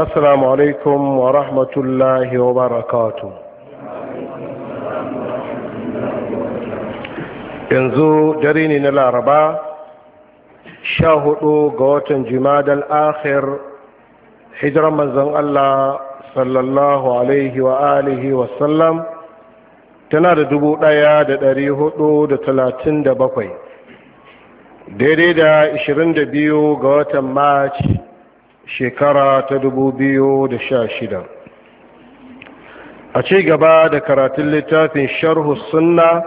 السلام عليكم ورحمة الله وبركاته yanzu dare ne na laraba sha hudu ga watan jimadal akhir hijiran manzon Allah sallallahu alaihi tana da dubu ɗaya da dari hudu da talatin da bakwai daidai da ishirin da biyu ga watan march shekara ta dubu biyu da sha shida. a ci gaba da karatun littafin sharhu sunna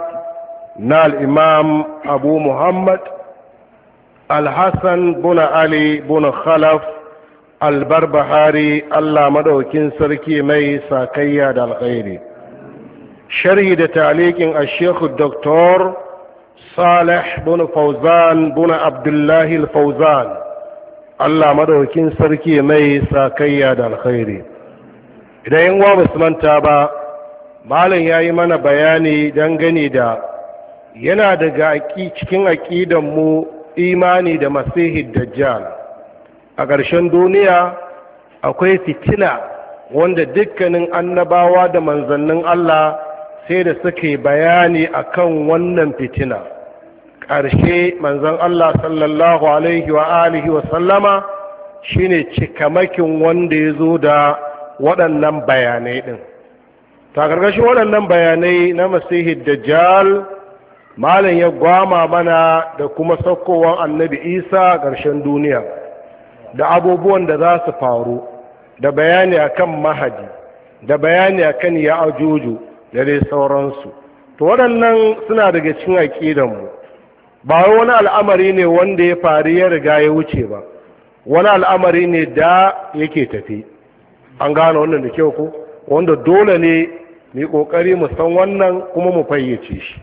na al'imam abu muhammad alhassan buna ali buna khalaf albarbahari allah maɗaukin sarki mai sakayya da alkhairi sharhi da talikin a shekhu Dr. salih buna fauzan buna abdullahi fauzan Allah madaukin sarki mai sakayya da alkhairi idan yin wa musulmanta ba malam ya yi mana bayani don gani da yana daga cikin aƙidanmu imani da masihid dajjal a ƙarshen duniya akwai fitina wanda dukkanin annabawa da manzannin Allah sai da suke bayani akan wannan fitina ƙarshe manzon Allah sallallahu alaihi wa alihi wa sallama shine cikamakin wanda ya zo da waɗannan bayanai ɗin ta ƙarƙashin waɗannan bayanai na masihi dajjal malam ya gwama mana da kuma saukowar annabi isa ƙarshen duniya da abubuwan da za su faru da bayani akan mahadi da bayani akan ya ajuju da dai sauransu to waɗannan suna daga cin aƙidanmu ba wani al'amari ne wanda ya faru ya riga ya wuce ba wani al'amari ne da yake tafi an gano wannan da kyau ko wanda dole ne mai kokari mu san wannan kuma mu fayyace shi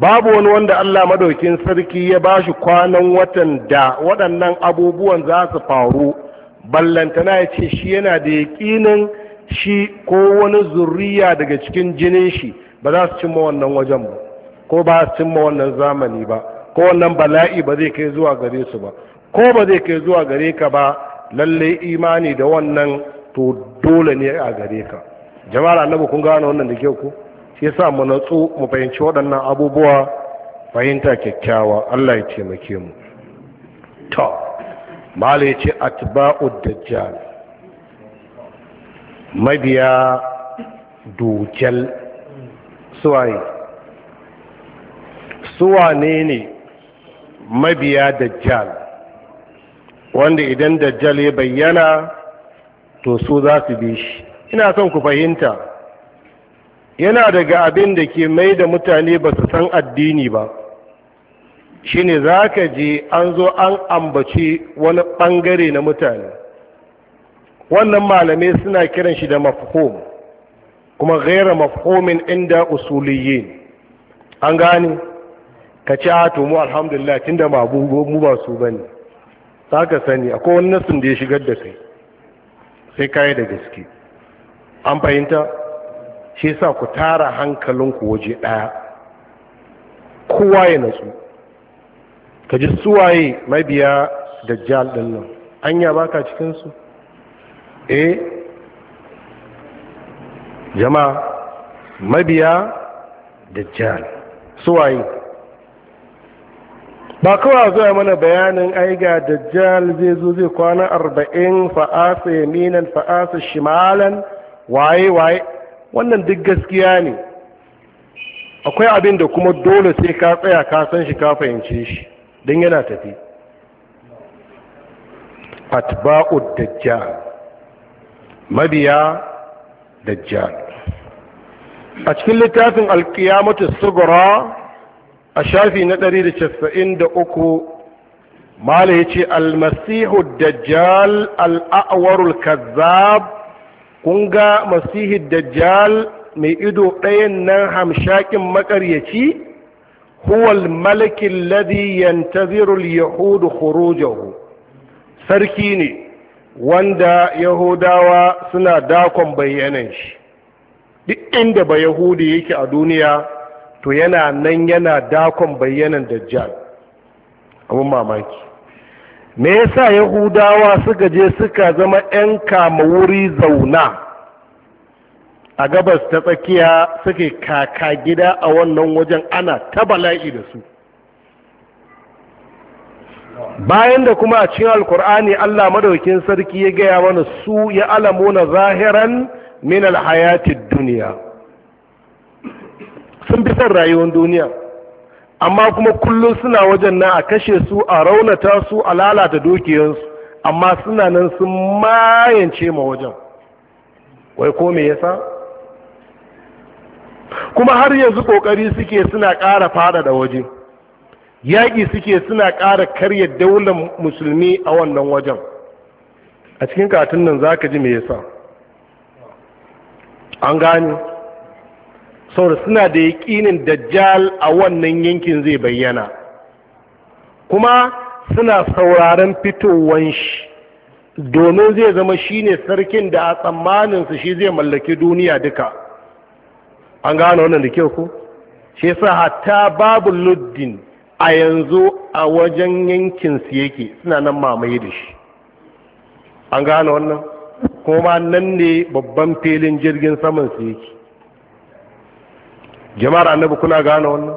babu wani wanda Allah madaukin sarki ya ba shi kwanan watan da waɗannan abubuwan za su faru ballantana ya ce shi yana da yaƙinin shi ko wani zurriya daga cikin jinin shi ba za su cimma wannan wajen ba ko ba su cimma wannan zamani ba ko wannan bala'i ba zai kai zuwa gare su ba ko ba zai kai zuwa gare ka ba lallai imani da wannan to dole ne a gare ka jama'ar annabi kun gane wannan da kyau ko shi yasa mu natsu mu fahimci waɗannan abubuwa fahimta kyakkyawa Allah ya taimake mu to malai ce atba'ud dajjal mabiya dujal suwaye suwane ne mabiya dajjal wanda idan dajjal ya bayyana to su za su bi shi ina son ku fahimta yana daga abin da ke mai da mutane ba su san addini ba shine za ka je an zo an ambaci wani bangare na mutane wannan malamai suna kiran shi da mafhum kuma gaira mafhumin inda usuliyin an gane ka ce a ah, to mu alhamdulillah tunda ma mu ba su ba ne. za ka sani akwai wani nasin da ya shigar da kai sai kayi da gaske an fahimta shi sa ku tara hankalinku waje ɗaya kowa ya natsu ka ji suwaye mabiya dajjal ɗin nan anya baka cikinsu eh jama'a mabiya dajjal suwaye ba kawai zuwa mana bayanin ai ga dajjal zai zo zai kwana arba'in fa'asa yaminan fa'asa shimalan waye waye wannan duk gaskiya ne akwai abin da kuma dole sai ka tsaya ka san shi ka fahimce shi don yana tafi atba'u dajjal mabiya dajjal a cikin littafin alkiyamatu sugura a shafi na 193 mala ya ce almasihu dajjal al'awarul kazzab kun ga dajjal mai ido ɗayan nan hamshakin makaryaci huwal malakin ladhi yantazirul yahudu khurujahu sarki ne wanda yahudawa suna dakon bayyanan shi duk inda ba yahudi yake a duniya to yana nan yana dakon bayyanan dajjal abin mamaki me yasa yahudawa suka je suka zama 'yan kama wuri zauna a gabas ta tsakiya suke kaka gida a wannan wajen ana ta bala'i da su bayan da kuma a cikin alkur'ani allah madaukin sarki ya gaya mana su ya alamuna zahiran min alhayatid duniya son rayuwar duniya amma kuma kullum suna wajen nan a kashe su a raunata su a lalata dukiyarsu amma suna nan sun mayance ma wajen wai ko me yasa kuma har yanzu kokari suke suna ƙara da waje yaƙi suke suna ƙara karya daular musulmi a wannan wajen a cikin katin nan za ka ji me yasa an gane saboda suna da yaƙinin dajjal a wannan yankin zai bayyana kuma suna sauraron fitowar shi domin zai zama shine sarkin da a tsammaninsu shi zai mallaki duniya duka an gano wannan da kyau ku shi sa hatta babu luddin a yanzu a wajen yankinsu yake suna nan mamaye da shi an gano wannan kuma nan ne babban filin jirgin samansu yake jama'ar annabi kuna gane wannan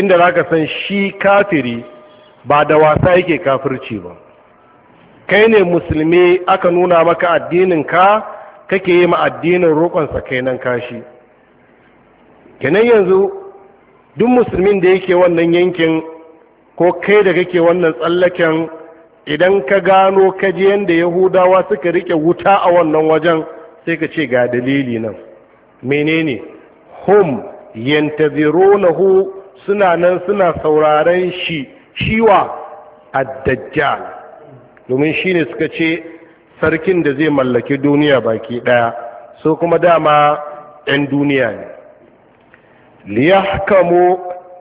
inda za ka san shi kafiri ba da wasa yake kafirci ba kai ne musulmi aka nuna maka addinin ka kake yi ma addinin roƙonsa nan kashi kenan yanzu duk musulmin da yake wannan yankin ko kai da kake wannan tsallaken idan ka gano kaji yadda yahudawa suka rike wuta a wannan wajen sai ka ce ga dalili nan menene home yantazirunahu suna nan suna sauraren shi shiwa ad-dajjal domin shine suka ce sarkin da zai mallaki duniya baki daya so kuma dama ɗan duniya ne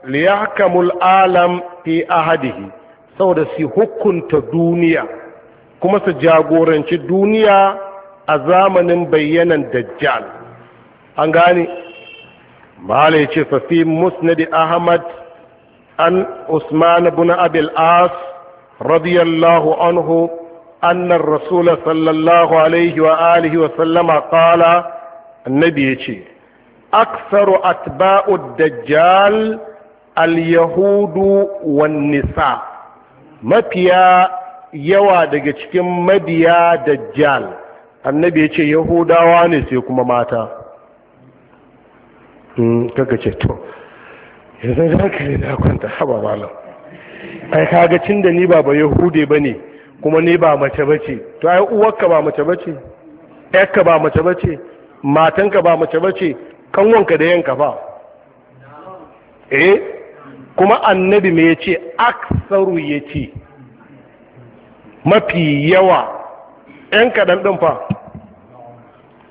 liyahkamul alam fi ahadihi saboda su hukunta duniya kuma su jagoranci duniya a zamanin bayyanan dajjal an gane mala ya ce fafi musnadi ahmad an usman ibn abil as radiyallahu anhu أن الرسول صلى الله عليه وآله وسلم قال النبي يشي أكثر أتباع الدجال اليهود والنساء ما فيا yawa daga cikin mabiya dajjal annabi ya ce yahudawa ne sai kuma mata kaka ce to yanzu da haka yi da kwanta haba malam ai kaga cin da ni ba ba yahude ba ne kuma ni ba mace ba ce to ai uwarka ba mace ba ce ƴarka ba mace ba ce matanka ba mace ba ce kanwanka da yanka ba. eh kuma annabi me ce aksaru ce. mafi yawa Yan kaɗan ɗin fa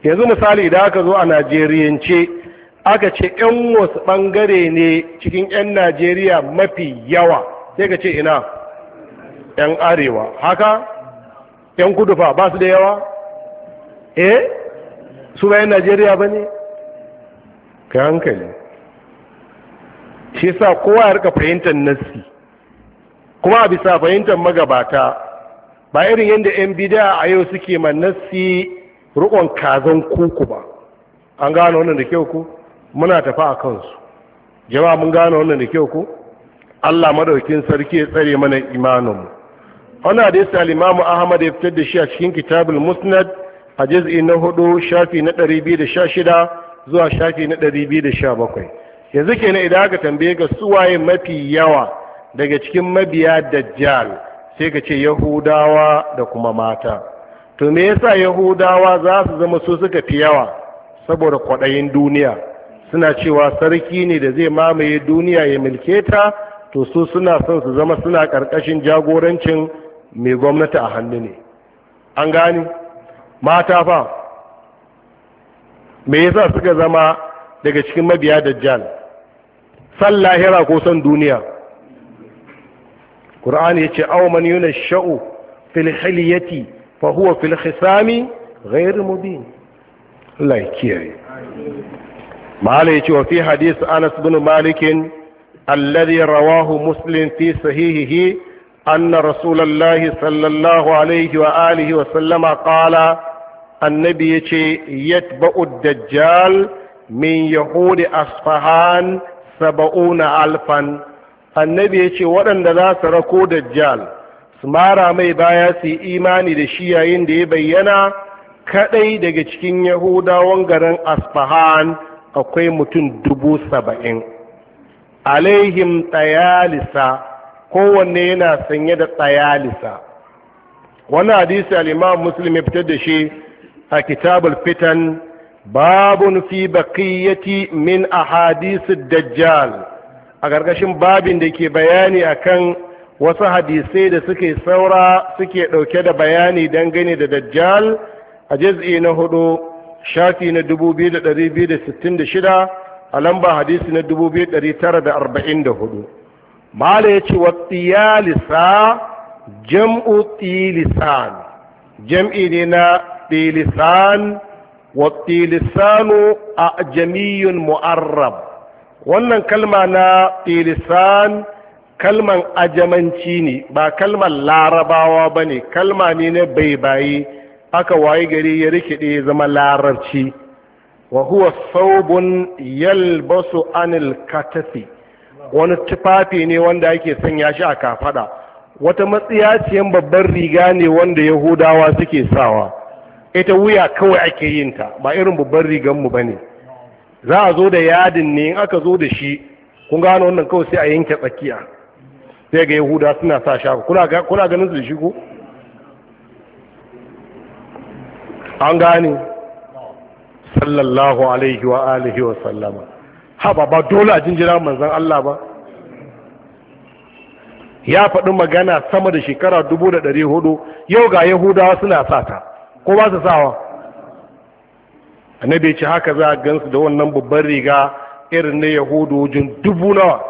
yanzu misali da aka zo a najeriyance aka ce 'yan wasu ɓangare ne cikin 'yan najeriya mafi yawa sai ka ce ina 'yan arewa haka 'yan kudu ba su da yawa eh su ba 'yan najeriya ba ne ka hankali shi sa kowa ya rika fahimtar nassi kuma a bisa fahimtar magabata ba irin yadda 'yan bida a yau suke ma nassi rukon kazan kuku ba an gano wannan da kyau ku muna tafa a kansu jama'a mun gane wannan da kyau ko Allah madaukin sarki ya tsare mana imaninmu wani hadisi al-Imam Ahmad ya fitar da shi a cikin Kitabul Musnad a juz'i na 4 shafi na 216 zuwa shafi na 217 yanzu kenan idan aka tambaye ga suwaye mafi yawa daga cikin mabiya dajjal sai ka ce Yahudawa da kuma mata to me yasa Yahudawa za su zama su suka fi yawa saboda kwaɗayin duniya suna cewa sarki ne da zai mamaye duniya ya milke ta to su suna son su zama suna ƙarƙashin jagorancin mai gwamnati a hannu ne an gani mata fa me yasa suka zama daga cikin mabiya dajjal san lahira ko san duniya ƙur'ani ya ce auman yuna sha'u fil hiliyati fa huwa fil khisami ghairu mubin Allah ya kiyaye malai ya ce wa fi hadisi anas bin malikin alladhi rawahu muslim fi sahihihi anna rasulallahi sallallahu alaihi wa alihi wa sallama qala annabi yace yatba'u dajjal min yahudi asfahan saba'una alfan annabi yace waɗanda za su rako dajjal su mara mai baya su yi imani da shi yayin da ya bayyana kadai daga cikin yahudawan garin asfahan akwai mutum dubu saba'in alaihim tsayalisa kowanne yana sanye da tsayalisa wani hadisi al'imam musulmi ya fitar da shi a kitabul fitan babun fi bakiyyati min a ahadisid dajjal a ƙarƙashin babin da ke bayani akan wasu hadisai da suke saura suke ɗauke da bayani dangane da dajjal a jazi na hudu shafi na 2266 a lamba hadisi na 2944 mala ya ce wa jam'u tsilisan jam'i ne na tsilisan wa tilisanu a jamiyun mu'arrab wannan kalma na tsilisan kalman ajamanci ne ba kalman larabawa ba ne kalma ne na baye haka waye gari ya rikide ya zama larabci wa huwa saubun yalbasu anil katafi wani tufafi ne wanda ake sanya shi a kafada wata matsiyaciyan babbar riga ne wanda yahudawa suke sawa ita wuya kawai ake yin ta ba irin babban rigan mu bane za a zo da yadin ne in aka zo da shi kun gano wannan kawai sai a yanke tsakiya sai ga yahuda suna sa shago kuna ganin su da shi ko an gane sallallahu alaihi wa alihi wa sallama haba ba dole a jinjira manzan Allah ba ya faɗi magana sama da shekara dubu yau ga yahudawa suna sata ko ba su sawa annabi ce haka za a gansu da wannan babban riga irin na yahudu wajen dubu nawa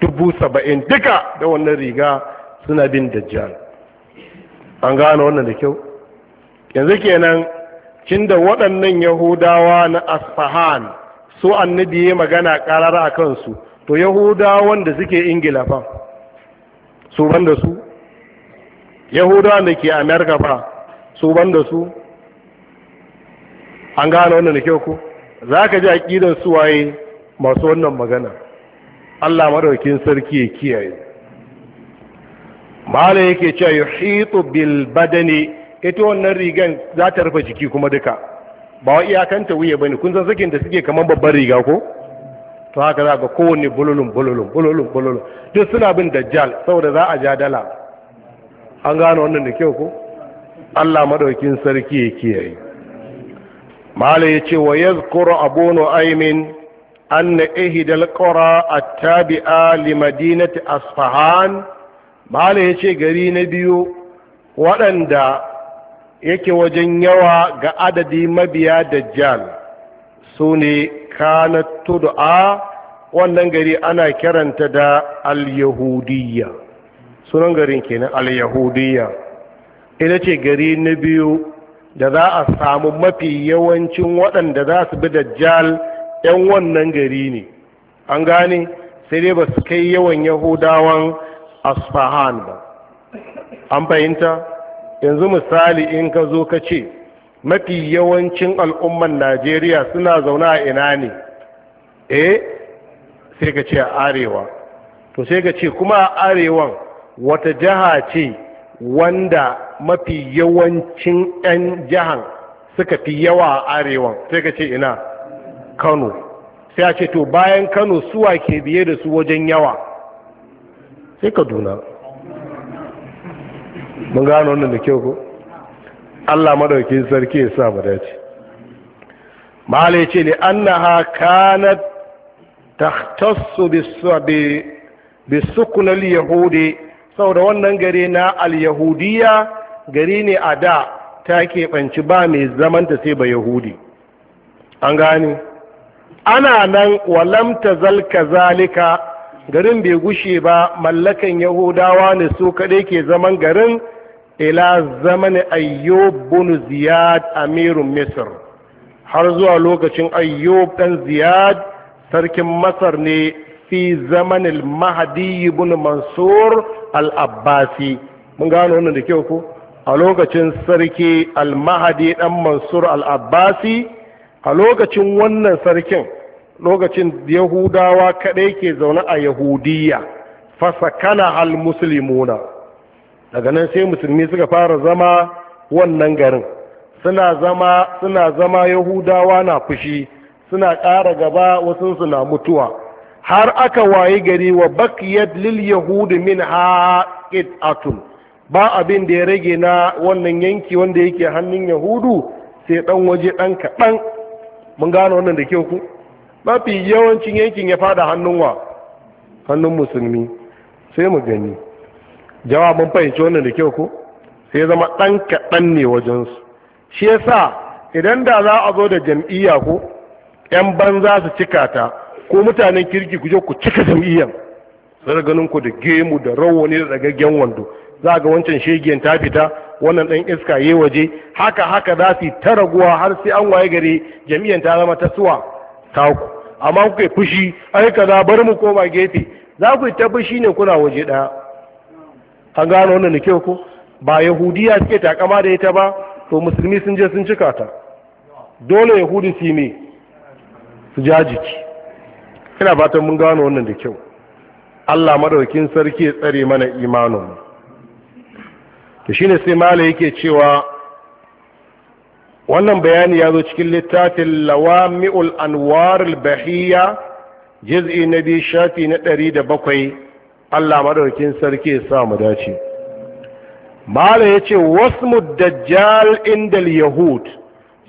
dubu saba'in duka da wannan riga suna bin dajjal an gane wannan da kyau yanzu kenan kin da waɗannan yahudawa na asfahan su annabi ya magana karar a kansu to Yahudawa wanda suke ingila fa su ban da su Yahudawa da ke amerika fa su ban da su an gane wannan da kyau ku za ka ji aƙidan su waye masu wannan magana allah madaukin sarki ya kiyaye Malam yake cewa yuhitu bil badani ita wannan rigan za ta rufe jiki kuma duka ba wa iyakanta wuya bane kun san sakin da suke kaman babban riga ko to haka za ga kowanne bululun bululun bululun bululun duk suna bin dajjal saboda za a ja dala an gano wannan da kyau ko Allah madaukin sarki ya kiyaye malai yace wa yazkuru abunu aimin anna ihdal qura Attabi'a li madinati asfahan malai yace gari na biyu waɗanda yake wajen yawa ga adadi mabiya dajjal su ne kanat wannan gari ana kiranta da al-yahudiyya sunan garin kenan al-yahudiyya ita ce gari na biyu da za a samu mafi yawancin waɗanda za su bi dajjal 'yan wannan gari ne an gane sai dai ba su kai yawan yahudawan asfahan ba an fahimta yanzu misali in ka zo ka ce mafi yawancin al'umman najeriya suna zaune a ina ne eh sai ka ce a arewa to sai ka ce kuma a arewan wata jiha ce wanda mafi yawancin 'yan jihan suka fi yawa a arewan sai ka ce ina kano sai a ce to bayan kano suwa ke biye da su wajen yawa sai ka duna. mun gano wannan da kyau ko Allah madaukin sarki ya sa mu dace malai ce ne annaha kanat tahtassu bisabi bisukun al-yahudi saboda wannan gare na al-yahudiya gari ne a da ta keɓanci ba mai zamanta sai ba yahudi an gane ana nan walamta zalka zalika garin bai gushe ba mallakan yahudawa ne su kaɗai ke zaman garin ila zaman ayyub bin ziyad amirun misr har zuwa lokacin ayyub ɗan ziyad sarkin masar ne fi zamanin mahadi ibn mansur al-abbasi mun gano wannan da kyau ko a lokacin sarki al-mahadi ɗan mansur al-abbasi a lokacin wannan sarkin lokacin yahudawa kaɗai ke zaune a yahudiya fasakana al-muslimuna daga nan sai musulmi suka fara zama wannan garin suna zama suna zama yahudawa na fushi suna ƙara gaba wasu na mutuwa har aka wayi gari wa bakiyat lil yahudi min haqatun ba abin da ya rage na wannan yanki wanda yake hannun yahudu sai dan waje dan kaɗan mun gano wannan da ke ku mafi yawancin yankin ya fada hannun wa hannun musulmi sai mu gani jawabin fahimci wannan da kyau ko sai zama ɗan kaɗan ne wajensu shi ya sa idan da za a zo da jam'iyya ko 'yan banza su cika ta ko mutanen kirki ku je ku cika jam'iyyar sai ganin ku da gemu da rawani da dagaggen wando za ga wancan shegiyan ta fita wannan ɗan iska ya waje haka haka za su yi ta raguwa har sai an waye gari jam'iyyar ta zama ta suwa taku amma kuka yi fushi ai kaza bar mu koma gefe za ku yi ta fushi ne kuna waje ɗaya an gano wannan da kyau ko ba yahudiya suke takama da ita ba to musulmi sun je sun cika ta dole yahudi su yi ne su jajiki ina fatan mun gano wannan da kyau Allah madaukin sarki ya tsare mana imanin to shine sai mala yake cewa wannan bayani ya zo cikin littafin lawami'ul anwar al-bahiyya juz'i na biyu shafi na ɗari da bakwai Allah maɗaukin sarki ya sa mu dace mala ya ce wasmu dajjal indal yahud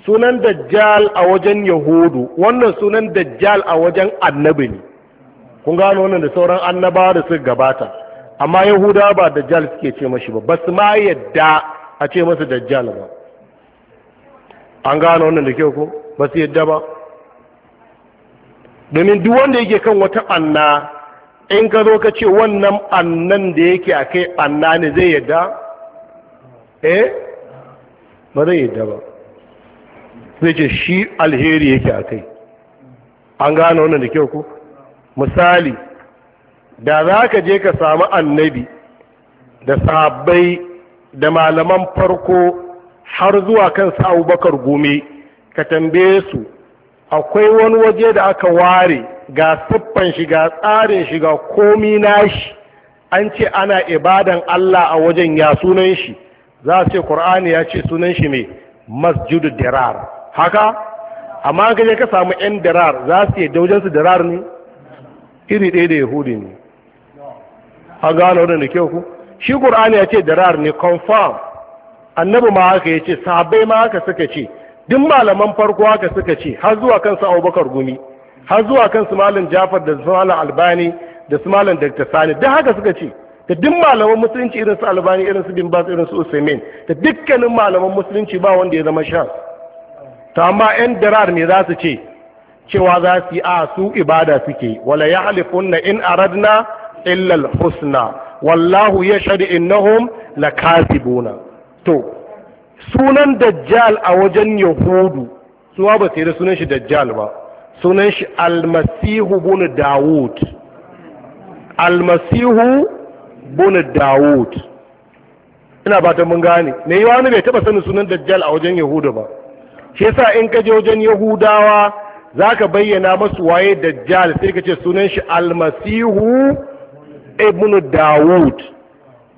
sunan dajjal a wajen yahudu wannan sunan dajjal a wajen annabi ne kun gano wannan da sauran annaba da suka gabata amma yahuda ba dajjal suke ce mashi ba ba su ma yadda a ce masa dajjal ba an gane wannan da kyau ko ba su yadda ba domin duk wanda yake kan wata anna in ka zo ka ce wannan annan da yake a kai anna ne zai yadda eh ba zai yadda ba zai ce shi alheri yake a kai an gane wannan da kyau ko misali da za ka je ka samu annabi da sahabbai da malaman farko har zuwa kan bakar gome ka tambaye su akwai wani waje da aka ware ga siffan shi ga tsarin shi ga komi nashi an ce ana ibadan Allah a wajen ya sunan shi za a ce Qur'ani ya ce sunan shi mai masjidu dirar haka amma ka je ka samu yan dirar za su yi wajen su dirar ne iri ɗaya da yahudi ne a gano da kyau ku shi Qur'ani ya ce dirar ne confirm annabi ma haka ya ce sahabbai ma haka suka ce duk malaman farko haka suka ce har zuwa kansu abubakar gumi har zuwa kansu malam jafar da su malam albani da su malam dr sani duk haka suka ce da duk malaman musulunci irin su albani irin su bimbas irin su usaimin da dukkanin malaman musulunci ba wanda ya zama sha ta amma yan dirar me za su ce cewa za su yi a su ibada suke wala ya halifunna in aradna illal husna wallahu ya shadi innahum la kasibuna to sunan dajjal a wajen yahudu suwa ba sai da sunan shi dajjal ba sunan shi almasihu bin dawud almasihu bin dawud ina ba ta mun gane me yi wani bai taba sanin sunan dajjal a wajen yahudu ba shi yasa in ka je wajen yahudawa zaka bayyana masu waye dajjal sai ka ce sunan shi almasihu ibn dawud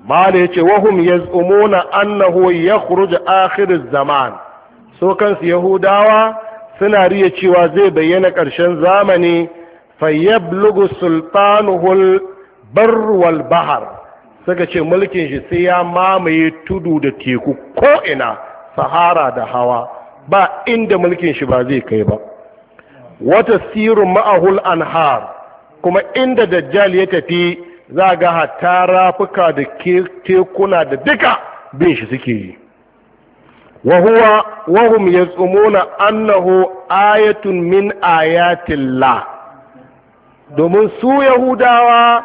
mala ya ce wahum ya umuna annahu ya kuruji akhirin zaman so kansu yahudawa suna riya cewa zai bayyana ƙarshen zamani fayyablugu sultanuhul barwal bahar suka ce mulkin shi sai ya mamaye tudu da teku ko'ina sahara da hawa ba inda mulkin shi ba zai kai ba wata sirrin ma'ahul anhar kuma inda dajjal ya tafi za ga hata rafuka da tekuna da duka bin shi suke yi wahuwa huwa wahum yasumuna annahu ayatun min ayatilla domin su yahudawa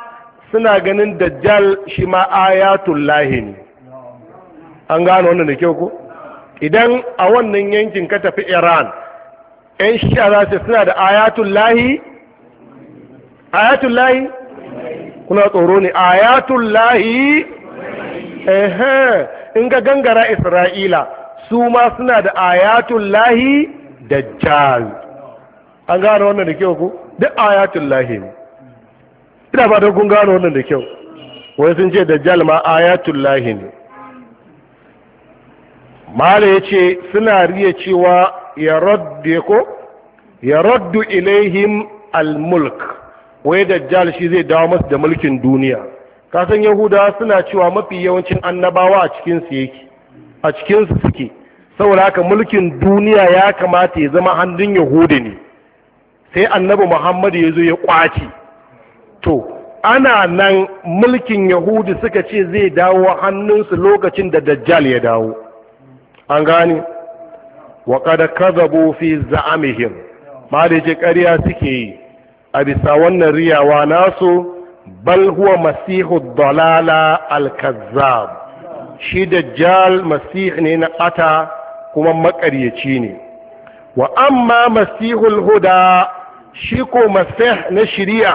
suna ganin dajjal shi ma ayatun ne an gano wannan da kyau ko idan a wannan yankin ka tafi iran 'yan shi a suna da ayatun lahi. kuna tsoro ne ayatul lahi ehe in ga gangara isra'ila su ma suna da ayatul lahi dajjal an gano wannan da kyau ku duk ayatul lahi ne ina da kun gano wannan da kyau Wani sun ce dajjal ma ayatul lahi ne mala ya ce suna riya cewa ya raddu ko ya raddu ilaihim al-mulk wai dajjal shi zai dawo masu da mulkin duniya kasan yahuda suna cewa mafi yawancin annabawa a cikinsu suke saboda haka mulkin duniya ya kamata ya zama hannun yahuda ne sai annabi muhammadu ya zo ya kwace to ana nan mulkin yahudi suka ce zai dawo hannunsu lokacin da dajjal ya dawo an gane wa kada kazabu fi za'amihim ma da ce ƙarya suke yi a bisa wannan riyawa nasu bal huwa masihu dalala al-kazzab shi dajjal masih ne na ata kuma makaryaci ne wa amma masihul huda shi ko masih na shari'a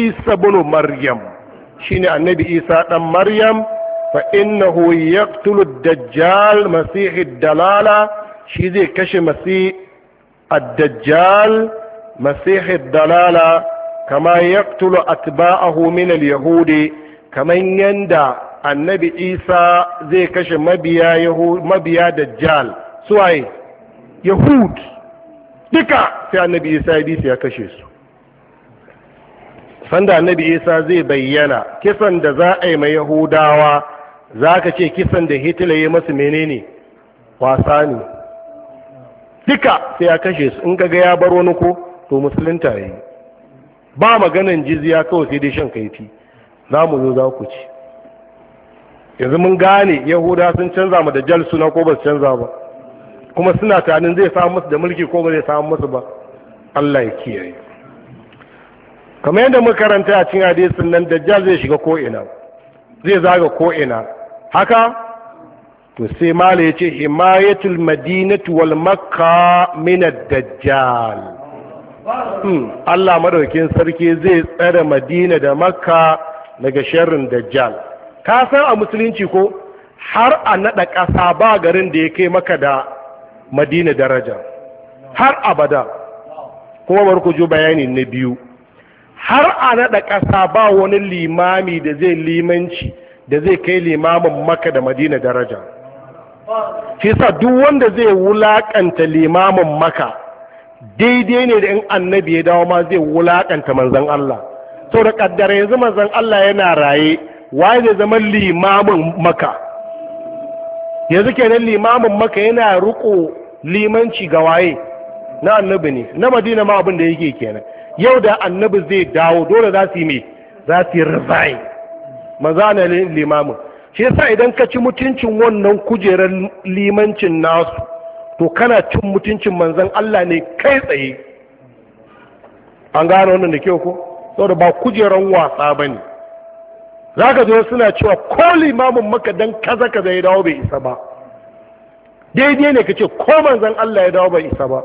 isa bin maryam shine annabi isa dan maryam fa innahu yaqtulu ad-dajjal masih ad-dalala shi zai kashe masih ad-dajjal masihid dalala kama yaqtulu atba'ahu min al-yahudi kaman yanda annabi isa zai kashe mabiya yahud mabiya dajjal suwaye yahud duka sai annabi isa ya bi ya kashe su sanda annabi isa zai bayyana kisan da za a yi mai yahudawa za ka ce kisan da hitler ya masu menene wasa ne duka sai ya kashe su in kaga ya bar wani ko to musulunta ya yi ba maganin jizya kawai sai dai shan kaifi za mu zo za ku ci yanzu mun gane yahuda sun canza mu da jal suna ko ba su canza ba kuma suna tunanin zai samu musu da mulki ko ba zai samu musu ba Allah ya kiyaye kamar yadda muka karanta a cikin hadisin nan dajjal zai shiga ko ina zai zaga ko ina haka to sai mala ce himayatul madinatu wal makka min ad-dajjal Hmm. Allah madaukin sarki zai tsare madina da makka daga sharrin dajjal ka san a musulunci ko har a nada ƙasa ba garin da ya kai maka da madina daraja har abada kuma barku ji bayani na biyu har a nada ƙasa ba wani limami da zai limanci da zai kai limamin maka da madina daraja shi duk wanda zai wulakanta limamin maka daidai ne da in annabi ya dawo ma zai wulakanta manzan Allah sau da kaddara yanzu manzan Allah yana raye waye zai zama limamin maka yanzu kenan limamin maka yana riko limanci ga waye na annabi ne na madina ma abin da yake kenan yau da annabi zai dawo dole za su yi me za su yi resign maza na limamin shi yasa idan ka ci mutuncin wannan kujerar limancin nasu to kana cin mutuncin manzan Allah ne kai tsaye an gane wannan da kyau ko saboda ba kujeran wasa ba ne za ka zo suna cewa ko limamin maka don kaza kaza ya dawo bai isa ba daidai ne ka ce ko manzan Allah ya dawo bai isa ba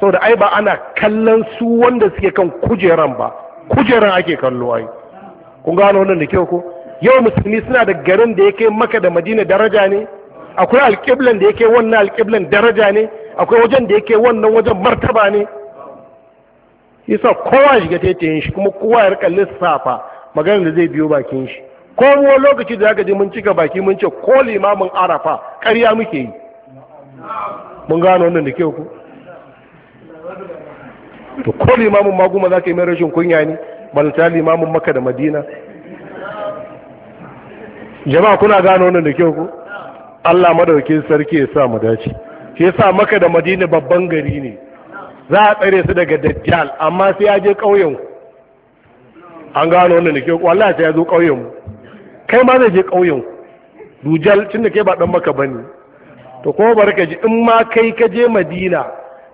saboda ai ba ana kallon su wanda suke kan kujeran ba kujeran ake kallo ai kun gano wannan da kyau ko yau musulmi suna da garin da ya kai maka da madina daraja ne akwai alƙiblan da yake wannan alƙiblan daraja ne akwai wajen da yake wannan wajen martaba ne yasa kowa shiga taitayin shi kuma kowa ya rika lissafa maganar da zai biyo bakin shi ko lokaci da zaka ji mun cika baki mun ce ko limamin arafa ƙarya muke yi mun gano wannan da kyau ku to ko limamin maguma za ka yi mai rashin kunya ne balta limamin maka da madina jama'a kuna gano wannan da kyau ku Allah madaukin sarki ya sa mu dace shi yasa maka da madina babban gari ne za a tsare su daga dajjal amma sai ya je ƙauyen an gano wannan da ke wallahi sai ya zo ƙauyen kai ma zai je ƙauyen dujal tunda da kai ba dan maka bane to kuma barka ji in ma kai ka je madina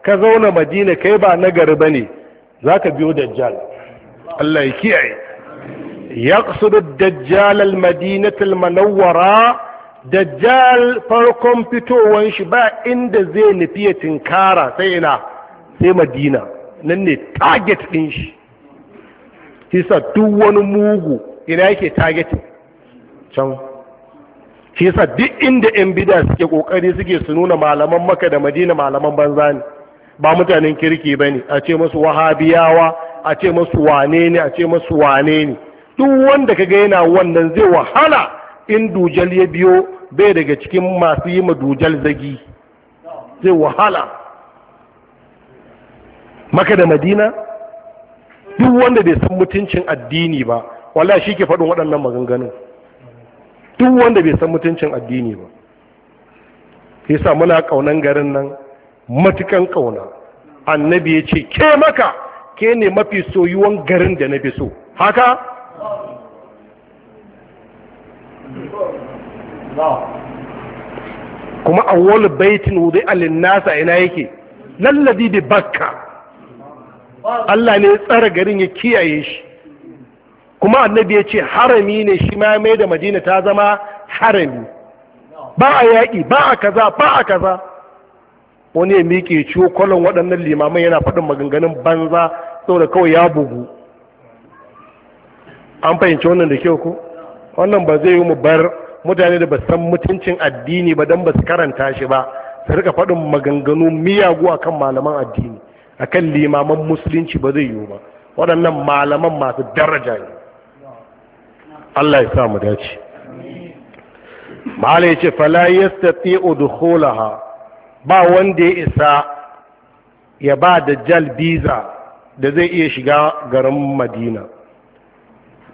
ka zauna madina kai ba nagari bane za ka biyo dajjal Allah ya kiyaye yaqsudu dajjal al-madinatu al-manawwara dajjal farkon fitowar shi ba inda zai nufi ya tinkara sai ina sai madina nan ne target ɗin shi kisa duk wani mugu ina yake targetin can kisa duk inda yan bida suke kokari suke su nuna malaman maka da madina malaman banza ne ba mutanen kirki ba ne a ce masu wahabiyawa a ce masu wane ne a ce masu wane ne duk wanda ka ga yana wannan zai wahala in dujal ya biyo bai daga cikin masu yi madujal zagi sai wahala maka da madina duk wanda bai san mutuncin addini ba wala shi ke faɗin waɗannan maganganun duk wanda bai san mutuncin addini ba sa muna ƙaunan garin nan matukan ƙauna annabi ya ce ke maka ke ne mafi soyuwan garin da na fi so haka kuma a wani baitin wudi'a alin nasa ina yake lallabi da bakka Allah ne ya tsara garin ya kiyaye shi kuma annabi ya ce harami ne shi ma mai da madina ta zama harami ba a yaƙi ba a kaza ba a kaza wani ya miƙe ciwo kwallon waɗannan limaman yana faɗin maganganun banza saboda kawai ya bugu an fahimci wannan da kyau ko wannan ba zai yi mu bar mutane da ba san mutuncin addini ba don ba su karanta shi ba su rika faɗin maganganu miyagu akan malaman addini akan limaman musulunci ba zai yiwu ba waɗannan malaman masu daraja ne Allah ya sa mu dace malai ce fala yastati'u dukhulaha ba wanda ya isa ya ba da jal biza da zai iya shiga garin Madina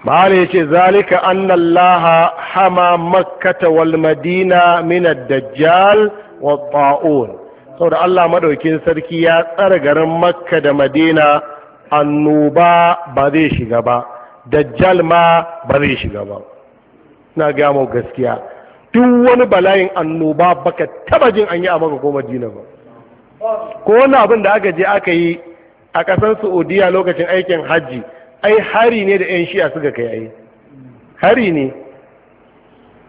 ma'ala ya ce zalika annallaha hama makkata wal madina minad dajjal wa ta'un saboda Allah madaukin sarki ya tsara garin makka da madina annoba ba zai shiga ba dajjal ma ba zai shiga ba na mu gaskiya duk wani bala'in annoba baka taba jin an yi a maka ko madina ba ko wani abin da aka je aka yi a ƙasar saudiya lokacin aikin hajji ai hari ne da 'yan shi'a suka kai ai hari ne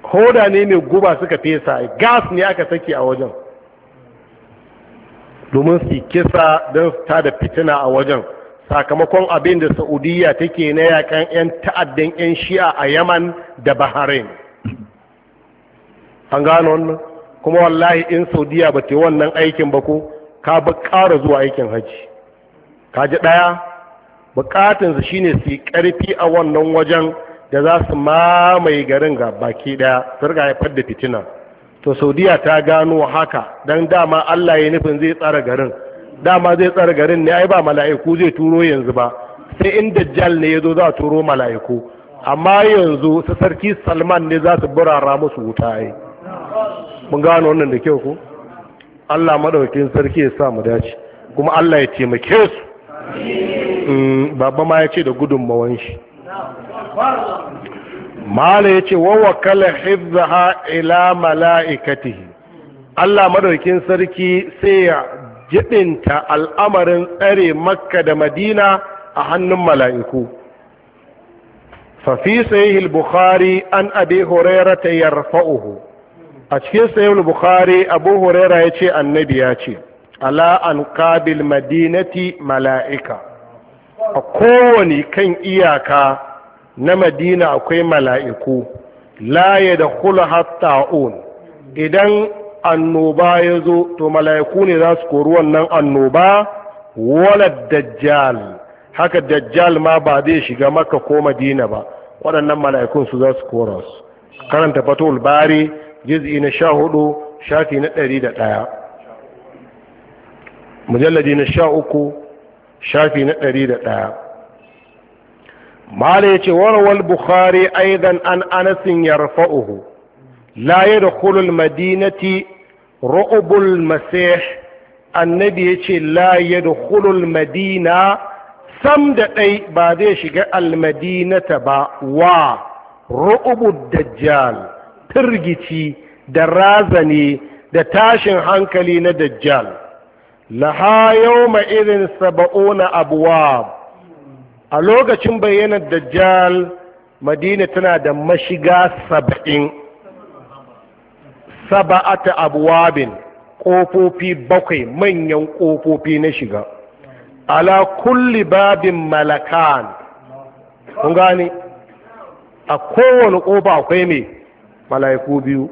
hoda ne mai guba suka fesa gas ne aka saki a wajen domin su kisa don ta da fitina a wajen sakamakon abin da saudiya take na yakan 'yan ta'addan 'yan shi'a a yaman da bahrain an gano wannan kuma wallahi in saudiya ba ta wannan aikin ba ko ka ba ƙara zuwa aikin hajji ka ji ɗaya bukatunsu shine su yi ƙarfi a wannan wajen da za su mamaye garin ga baki ɗaya su riga haifar da fitina to saudiya ta gano haka don dama allah ya nufin zai tsara garin dama zai tsara garin ne ai ba mala'iku zai turo yanzu ba sai in dajjal ne ya zo za a turo mala'iku amma yanzu su sarki salman ne za su burara musu wuta ai mun gano wannan da kyau ko allah madaukakin sarki ya sa mu dace kuma allah ya taimake su Mm, Baba ma ya ce da gudunmawan shi mala ya ce wawa kala ha ila mala'ikatihi Allah madaukin sarki sai ya jiɗinta al'amarin tsare makka da madina a hannun mala'iku fafi yi bukhari an abe hurairah ta yarfa'uhu a cikin sahih bukhari abu hurairah ya ce annabi ya ce ala an qabil madinati mala'ika a kowane kan iyaka na madina akwai mala'iku la da hulhatta un idan annoba ya zo to mala'iku ne za su kori wannan annoba walar dajjal haka dajjal ma ba zai shiga maka ko madina ba waɗannan mala'ikun su za su kora su karanta fatul bari juz'i na sha hudu shafi na ɗari da ɗaya mujalladi na sha uku shafi na ɗari da ɗaya mala ya ce warawar bukhari aidan an anasin ya rafa'uhu la ya da kulul madinati ru'ubul masih annabi ya ce la da kulul madina sam da ɗai ba zai shiga almadinata ba wa ru'ubul dajjal firgici da razani da tashin hankali na dajjal laha yawma irin saba'una abwab a lokacin bayyanar dajjal madina tana da mashiga saba'in saba'ata abwabin ƙofofi bakwai manyan ƙofofi na shiga ala kulli babin malakan kun gane a kowane ƙofa akwai mai mala'iku biyu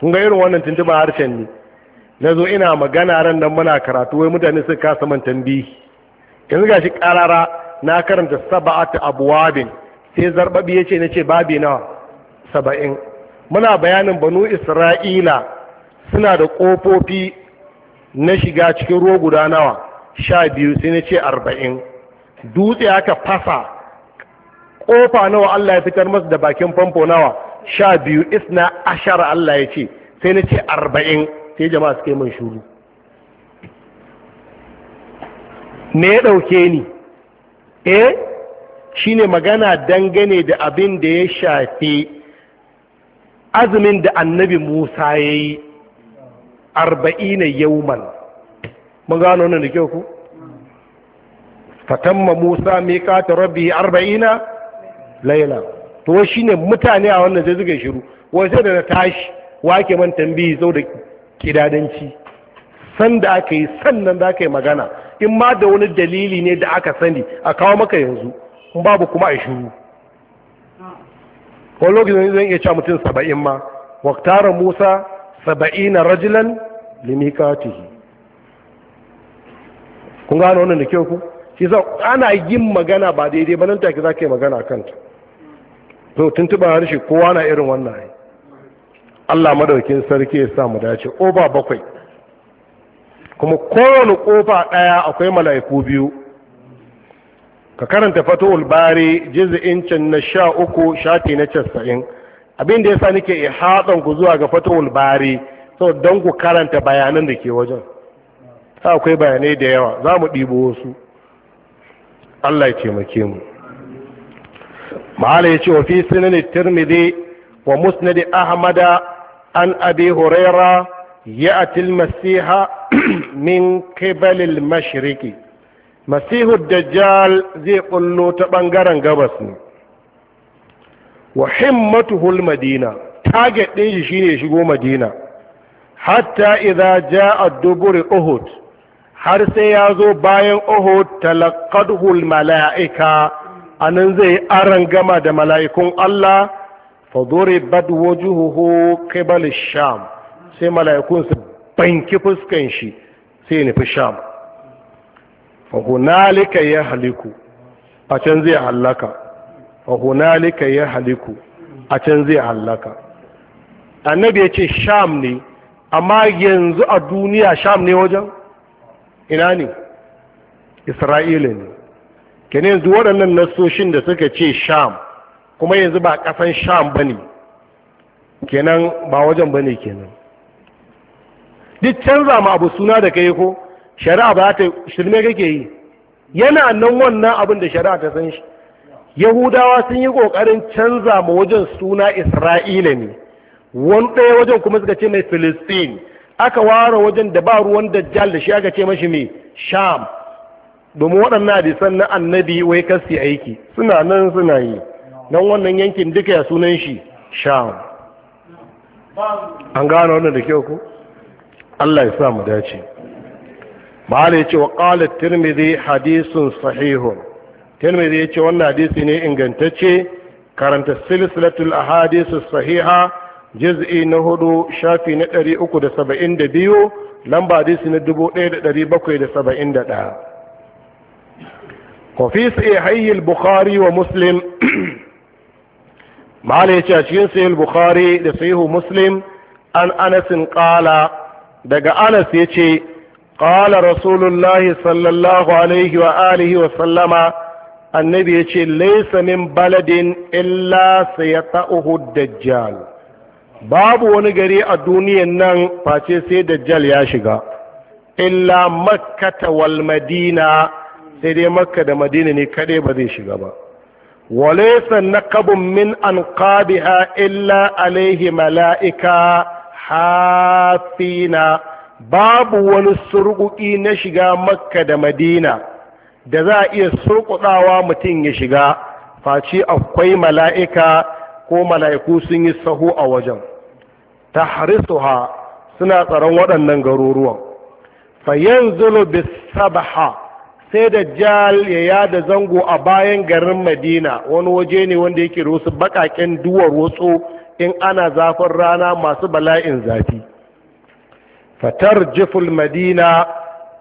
kun ga irin wannan tuntuɓa harshen ne na zo ina magana ran nan muna karatu wai mutane sun kasa man tambihi yanzu gashi karara na karanta saba'atu abwabin sai zarbabi yace nace babi nawa saba'in muna bayanin banu isra'ila suna da kofofi na shiga cikin ruwa guda nawa sha biyu sai nace arba'in dutse aka fasa kofa nawa Allah ya fitar masa da bakin famfo nawa sha biyu isna ashara Allah ya ce sai nace arba'in sai jama'a suka yi man shuru me ya ɗauke ni eh shine magana dangane da abin da ya shafi azumin da annabi musa ya yi arba'ina yauman mun gano nan da kyau ku fatamma musa mai kata rabbi arba'ina laila to shine mutane a wannan sai suka shiru wai sai da na tashi wake man tambayi sau da kidadanci sanda aka yi sannan za ka yi magana in ma da wani dalili ne da aka sani a kawo maka yanzu babu kuma a shiru wani lokacin zan iya cewa mutum saba'in ma waktara musa saba'ina rajulan yi. kun gano wannan da kyau ku shi sa ana yin magana ba daidai ba nan take za ka yi magana kanta to tuntuba harshe kowa na irin wannan Allah madaukin sarki ya sa mu dace ƙofa bakwai kuma kowane ƙofa ɗaya akwai mala'iku biyu ka karanta fatowar bari jiz'in can na sha uku shafi na casa'in abin da ya sa nake ihatsan ku zuwa ga fatowar bari sau don ku karanta bayanan da ke wajen ta akwai bayanai da yawa za mu ɗibo wasu Allah ya taimake mu ma'ala ya ce wa fi sunan tirmidhi wa musnad ahmada an أبي هريرة يأتي المسيح من قبل المشرق مسيح الدجال زي قلو تبنغران قبسن وحمته المدينة تاجت ليش شيني يشقو مدينة حتى إذا جاء الدبر أهد har sai ya zo bayan Uhud talaqqadhu mala'ika anan zai aran gama da mala'ikun Allah faduribat wajuhuhu qibal sham sai mala'ikun su banki fuskan shi sai ya nufi sham fa hunalika ya haliku a can zai halaka fa ya haliku a can zai halaka annabi ya ce sham ne amma yanzu a duniya sham ne wajen ina ne isra'ila ne kenan yanzu waɗannan nasoshin da suka ce sham kuma yanzu ba kasan sham ba ne kenan ba wajen ba ne kenan duk canza ma abu suna da kai ko shari'a ba ta shirme kake yi yana nan wannan abin da shari'a ta san shi yahudawa sun yi kokarin canza ma wajen suna isra'ila ne wani ɗaya wajen kuma suka ce mai filistin aka ware wajen da ba ruwan dajjal da shi aka ce mashi mai sham domin waɗannan hadisan na annabi wai kasi aiki suna nan suna yi don wannan yankin duka ya sunan shi sham an gano wannan da kyau ku Allah ya sa mu dace ma'ala ya ce wa ƙala tirmidhi hadisun sahihun tirmidhi ya ce wannan hadisi ne ingantacce karanta silsilatul ahadisu sahiha juz'i na hudu shafi na ɗari uku da saba'in da biyu lamba hadisi na dubu ɗaya da ɗari bakwai da saba'in da ɗaya hayyil bukari wa Muslim. ya ce a cikin sahih bukhari da sahih muslim an anasin qala daga anas ya ce qala rasulullahi sallallahu alaihi wa alihi wa sallama annabi yace laysa min baladin illa sayata'uhu dajjal babu wani gari a duniyan nan face sai dajjal ya shiga illa makkata wal madina sai dai makka da madina ne kadai ba zai shiga ba وليس نقب من أنقابها إلا عليه ملائكة حافين باب ونسرقي نشقى مكة دا مدينة da za a iya surkuɗawa mutum ya shiga face akwai mala'ika ko mala'iku sun yi sahu a wajen ta suna tsaron waɗannan garuruwan fayyan zulu bisabaha sai da jal ya yada zango a bayan garin madina wani waje ne wanda yake da wasu bakaken duwar wasu in ana zafin rana masu bala'in zafi fatar jiful madina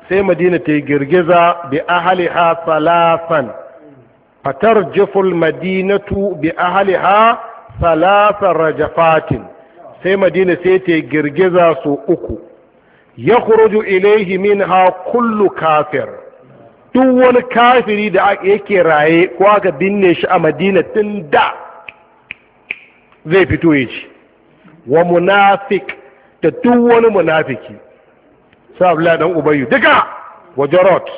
sai madina ta yi girgiza bi ahaliha salasan fatar jiful madinatu bi ahaliha salasan rajafatin sai madina sai ta yi girgiza su uku ya ilaihi ha kullu kafir duk wani kafiri da yake raye ko aka binne shi a madina tun da zai fito ya ci wa munafik da duk wani munafiki sabla dan ubayu duka wa jarot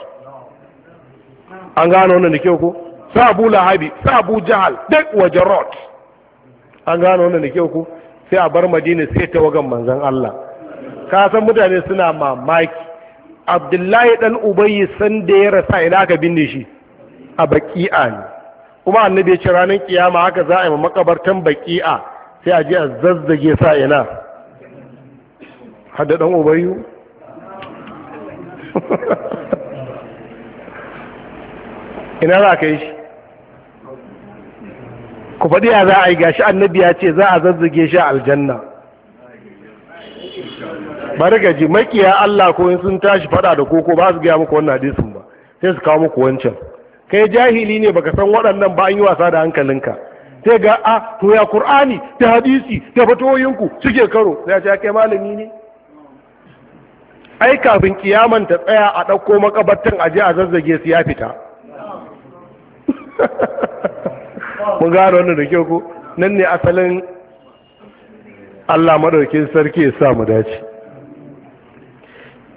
an gano wannan da kyau ko sabu lahabi sabu jahal duk wa jarot an gano wannan da kyau ko sai a bar madina sai ta wagan manzan Allah ka san mutane suna mamaki abdullahi dan ubayi san da ya rasa ina aka binne shi a baki'a ne kuma annabi ya ce ranar kiyama haka za a yi makabartan baki'a sai a je a zazzage sa ina hadda dan ubayu ina za ka yi shi ku faɗi ya za a yi gashi annabi ya ce za a zazzage shi a aljanna bari ga ji makiya Allah ko in sun tashi fada da koko ba su gaya muku wannan hadisin ba sai su kawo muku wancan kai jahili ne baka san waɗannan ba an yi wasa da hankalinka sai ga a ah, to ya qur'ani ta hadisi ta fatoyinku suke karo sai ce kai malami ne ai kafin kiyaman ta tsaya a ɗauko makabartan aje a zazzage su ya fita mun gano wannan da kyau ko nan ne asalin Allah madaukin sarki ya sa mu dace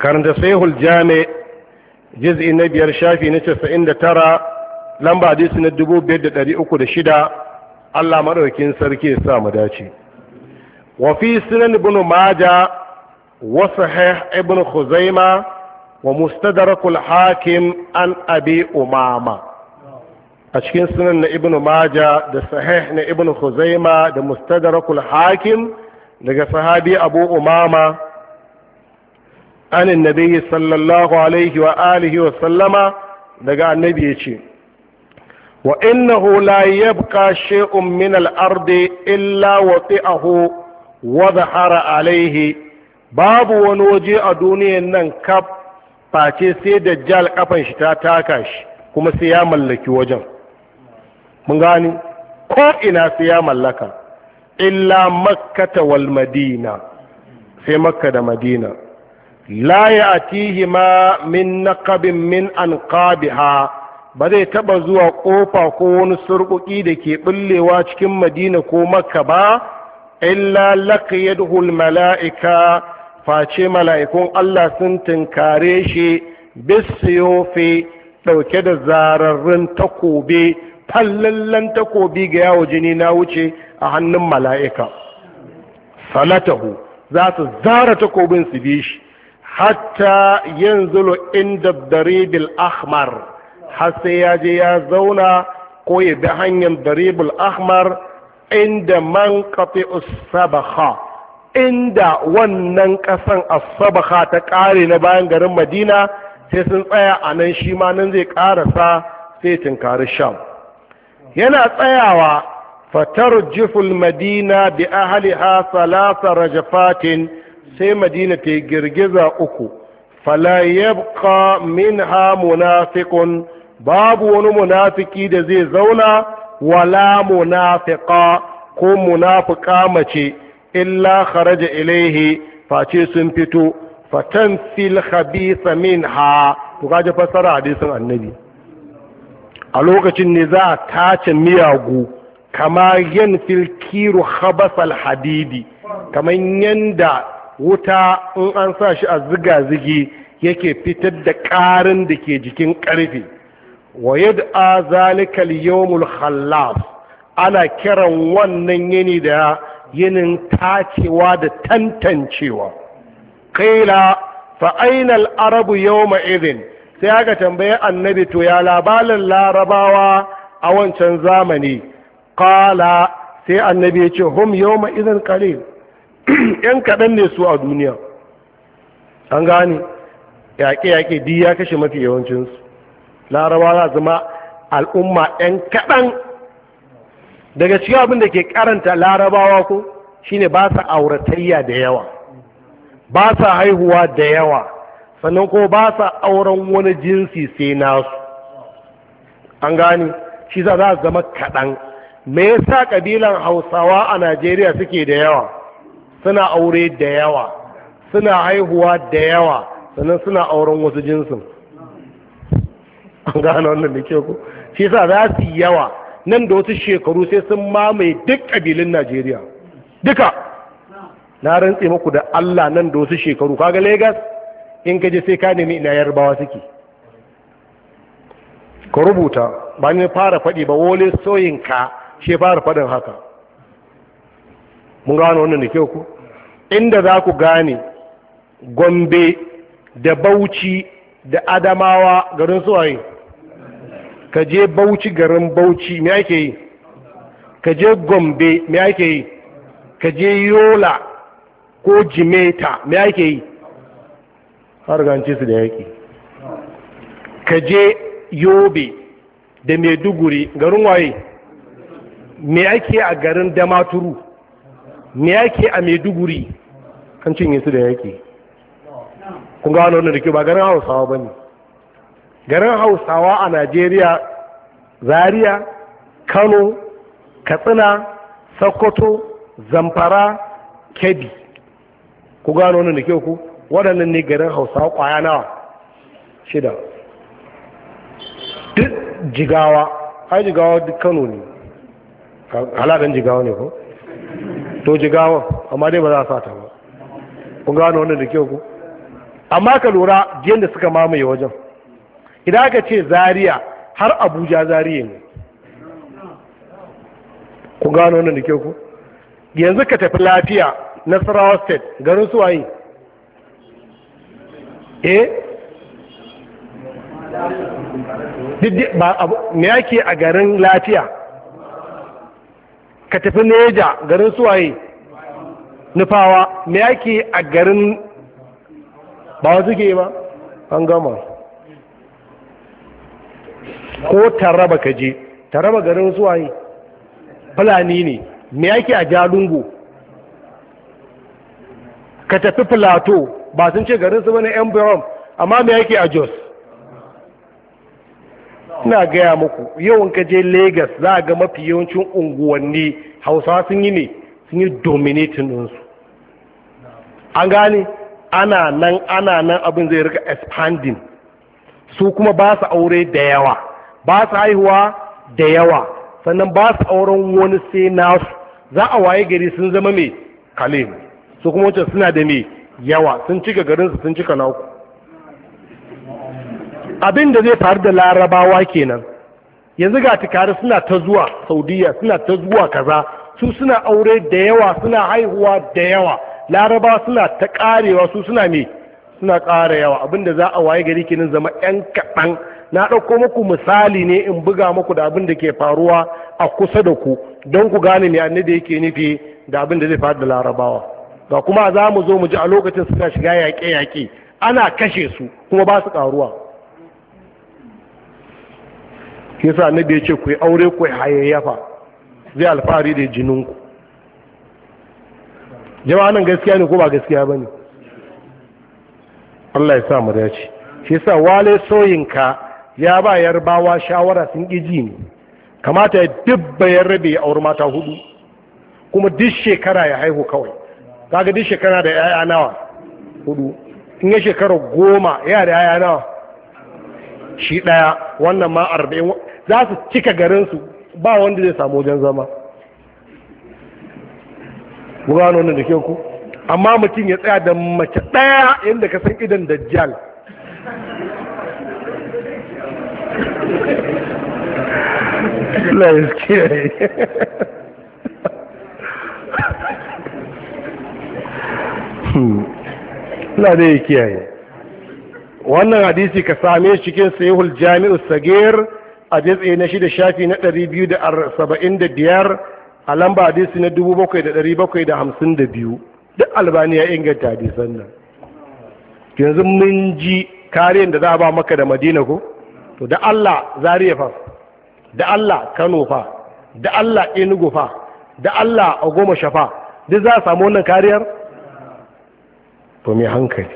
karanta Saihul jami juz'i na biyar shafi na 99 lamba hadisi na 2306 Allah madaukakin sarki ya sa mu dace wa fi sunan ibn maja wa sahih ibn khuzaima wa mustadrak hakim an abi umama a cikin sunan na ibn maja da sahih na ibn khuzaima da mustadrak hakim daga sahabi abu umama anin nabi sallallahu alaihi wa alihi wa sallama daga annabi yace ce wa innahu la yabqa shay'un min al-ardi illa wati'ahu wa dhahara alaihi babu wani waje a duniyan nan kaf face sai dajjal kafan shi ta taka shi kuma sai ya mallaki wajen mun gani ko ina sai ya mallaka illa makkata wal madina sai makka da madina la ya'tihi ma min naqabin min anqabiha ba zai taba zuwa kofa ko wani surkuki da ke bullewa cikin madina ko makka ba illa laqiyadhu mala'ika face mala'ikun Allah sun tinkare shi bisiyofi dauke da zararrun takobe fallallan takobi ga yawo jini na wuce a hannun mala'ika salatahu za su zara takobin su bi shi hatta yanzulu inda daribul ahmar har sai ya je ya zauna ko ya bi hanyar daribul ahmar inda man kafi usabaha inda wannan kasan asabaha ta kare na bayan garin madina sai sun tsaya a nan shi ma nan zai karasa sai tunkari sham yana tsayawa fatar jiful madina bi ahaliha salasa rajafatin sai madina ta girgiza uku fala yabqa minha munafiqun babu wani munafiki da zai zauna wala munafiqa ko munafiqa mace illa kharaja ilaihi face sun fito fatan fil khabitha minha to kaje fasara hadisin annabi a lokacin ne za a tace miyagu kama yan filkiru khabasal hadidi kamar yanda wuta in an sa shi a ziga-zigi yake fitar da ƙarin da ke jikin ƙarfe wa yadda zalikal yawmul khallaf ana kiran wannan yini da yinin tacewa da tantancewa kaila fa'ainal arabu yawma idin sai aka tambaye annabi to ya labarin larabawa a wancan zamani kala sai annabi ya ce hum yawma idin qalil yan kaɗan ne su a duniya an gane yaƙe-yaƙe di ya kashe mafi yawancinsu laraba za zama al'umma yan kaɗan daga cikin abin da ke karanta larabawa ko shine ba sa auratayya da yawa ba sa haihuwa da yawa sannan ko ba sa auren wani jinsi sai nasu an gane shi za za zama kaɗan me yasa ƙabilan hausawa a najeriya suke da yawa suna aure da yawa suna haihuwa da yawa sannan suna auren wasu jinsin an gano wannan da ke ku shi sa za su yi yawa nan da wasu shekaru sai sun mamaye duk ƙabilun najeriya duka na rantse maku da allah nan da wasu shekaru kaga Legas in ka je sai ka nemi ina yarbawa suke ka rubuta ba ne fara faɗi ba wole soyinka shi fara faɗin haka mun gano wannan da ke ku inda za ku gane gombe da bauchi da adamawa garin suwaye ka je bauchi garin bauchi me ake yi ka je gombe me ake yi ka je yola ko jimeta me ake yi har ganci su da yaƙi ka je yobe da maiduguri garin waye me ake a garin damaturu me yake a maiduguri an cinye su da yake kun ga wani da ke ba garin hausawa ba ne garin hausawa a najeriya zaria kano katsina sokoto zamfara kebbi ku gano wani da ke ku waɗannan ne garin hausawa ƙwaya nawa shida duk jigawa ai jigawa duk kano ne halaɗin jigawa ne ko to gawon amma dai ba za a sata ba kun gano wannan da kyau ku amma ka lura jiyan da suka mamaye wajen idan aka ce zariya har abuja zariya ne ku gano wannan da kyau ku yanzu ka tafi lafiya nasarawa state garin suwaye eh me yake a garin lafiya ka tafi neja garin suwaye nufawa me yake a garin ba wasu ke ba an gama ko taraba ka je taraba garin suwaye fulani ne me yake a jalungu ka tafi plateau ba sun ce garin su bane yan amma me yake a jos ina gaya muku yau in ka je Legas za ga mafi yawancin unguwanni hausa sun yi ne sun yi dominating ɗinsu an gane ana nan ana nan abin zai rika expanding su kuma ba su aure da yawa ba su haihuwa da yawa sannan ba su auren wani sai nasu za a waye gari sun zama mai kale su kuma wancan suna da mai yawa sun cika garinsu sun cika naku abin da zai faru da larabawa kenan yanzu ga tukari suna ta zuwa saudiya suna ta zuwa kaza su suna aure da yawa suna haihuwa da yawa laraba suna ta karewa su suna me suna ƙara yawa abin da za a waye gari kenan zama 'yan kaɗan na ɗauko muku misali ne in buga muku da abin da ke faruwa a kusa da ku don ku gane me annabi yake nufi da abin da zai faru da larabawa ga kuma za mu zo mu ji a lokacin suna shiga yaƙe-yaƙe ana kashe su kuma ba su ƙaruwa shi yasa annabi ya ce ku yi aure ku hayayyafa zai alfahari da jininku jama'a nan gaskiya ne ko ba gaskiya ba ne Allah ya sa mu dace shi yasa wale soyinka ya ba yarbawa shawara sun ƙiji ne kamata ya dubba ya rabe ya auri mata hudu kuma duk shekara ya haihu kawai kaga duk shekara da yaya nawa hudu in ya shekara goma yana da yaya nawa shi ɗaya wannan ma arba'in za su cika garinsu ba wanda zai samu wajen zama gano wannan da ke ku amma mutum ya tsaya da mace ɗaya yadda ka san idan dajjal hmm. Allah da ya kiyaye wannan hadisi ka same shi cikin sahihul jami'us sagir a jitse na shida shafi na ɗari biyu da saba'in da biyar a lamba hadisi na dubu bakwai da ɗari bakwai da hamsin da biyu duk albani ya inganta hadisan nan yanzu mun ji kariyar da za a ba maka da madina ko to da allah zariya fa da allah kano fa da allah enugu fa da allah agoma shafa duk za a samu wannan kariyar to mai hankali